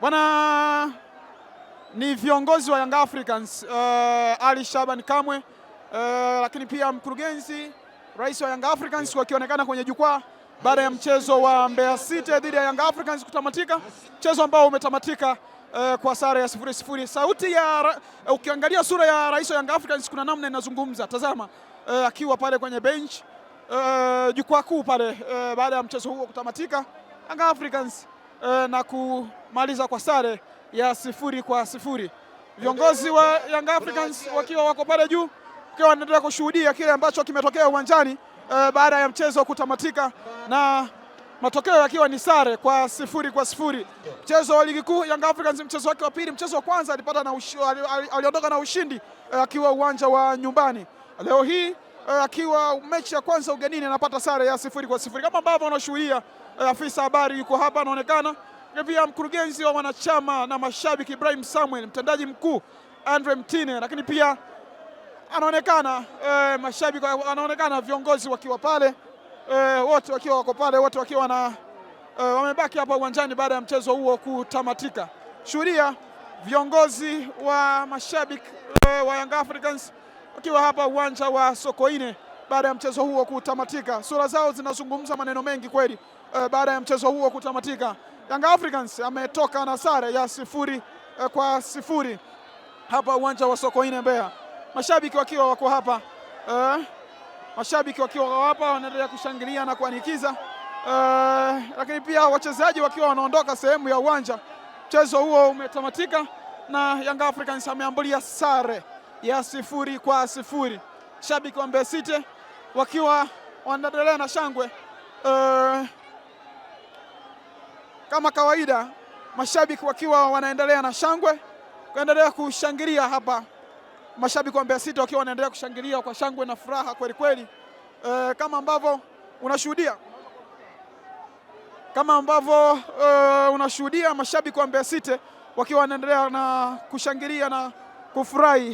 Bwana ni viongozi wa Young Africans uh, Ali Shaban Kamwe uh, lakini pia mkurugenzi rais wa Young Africans wakionekana kwenye jukwaa baada ya mchezo wa Mbeya City dhidi ya Young Africans kutamatika, mchezo ambao umetamatika uh, kwa sare ya sifuri sifuri. Sauti ya uh, ukiangalia sura ya rais wa Young Africans kuna namna inazungumza, tazama uh, akiwa pale kwenye bench uh, jukwaa kuu pale uh, baada ya mchezo huo kutamatika. Yanga Africans eh, na kumaliza kwa sare ya sifuri kwa sifuri. Viongozi wa Yanga Africans wakiwa wako pale juu, wakiwa wanaendelea kushuhudia kile ambacho kimetokea uwanjani eh, baada ya mchezo kutamatika na matokeo yakiwa ni sare kwa sifuri kwa sifuri. Mchezo wa ligi kuu Young Africans mchezo wake wa pili, mchezo wa kwanza alipata na aliondoka na ushindi eh, akiwa uwanja wa nyumbani. Leo hii eh, akiwa mechi ya kwanza ugenini anapata sare ya sifuri kwa sifuri kama ambavyo unashuhudia. Eh, afisa habari yuko hapa anaonekana, na eh, pia mkurugenzi wa wanachama na mashabiki Ibrahim Samuel, mtendaji mkuu Andre Mtine, lakini pia anaonekana e, mashabiki anaonekana viongozi wakiwa pale e, wote wakiwa wako pale wote wakiwa na e, wamebaki hapa uwanjani baada ya mchezo huo kutamatika. Shuhudia viongozi wa mashabiki e, wa Young Africans wakiwa hapa uwanja wa Sokoine baada ya mchezo huo kutamatika. Sura zao zinazungumza maneno mengi kweli. Uh, baada ya mchezo huo kutamatika, Young Africans ametoka na sare ya sifuri uh, kwa sifuri hapa uwanja wa Sokoine Mbeya, mashabiki wakiwa wako hapa uh, mashabiki wakiwa hapa wanaendelea kushangilia na kuanikiza uh, lakini pia wachezaji wakiwa wanaondoka sehemu ya uwanja. Mchezo huo umetamatika na Young Africans ameambulia sare ya sifuri kwa sifuri. Shabiki wa Mbeya City wakiwa wanaendelea na shangwe uh, kama kawaida mashabiki wakiwa wanaendelea na shangwe kuendelea kushangilia hapa, mashabiki wa Mbeya City wakiwa wanaendelea kushangilia kwa shangwe na furaha kweli kweli, uh, kama ambavyo unashuhudia kama ambavyo uh, unashuhudia mashabiki wa Mbeya City wakiwa wanaendelea na kushangilia na kufurahi.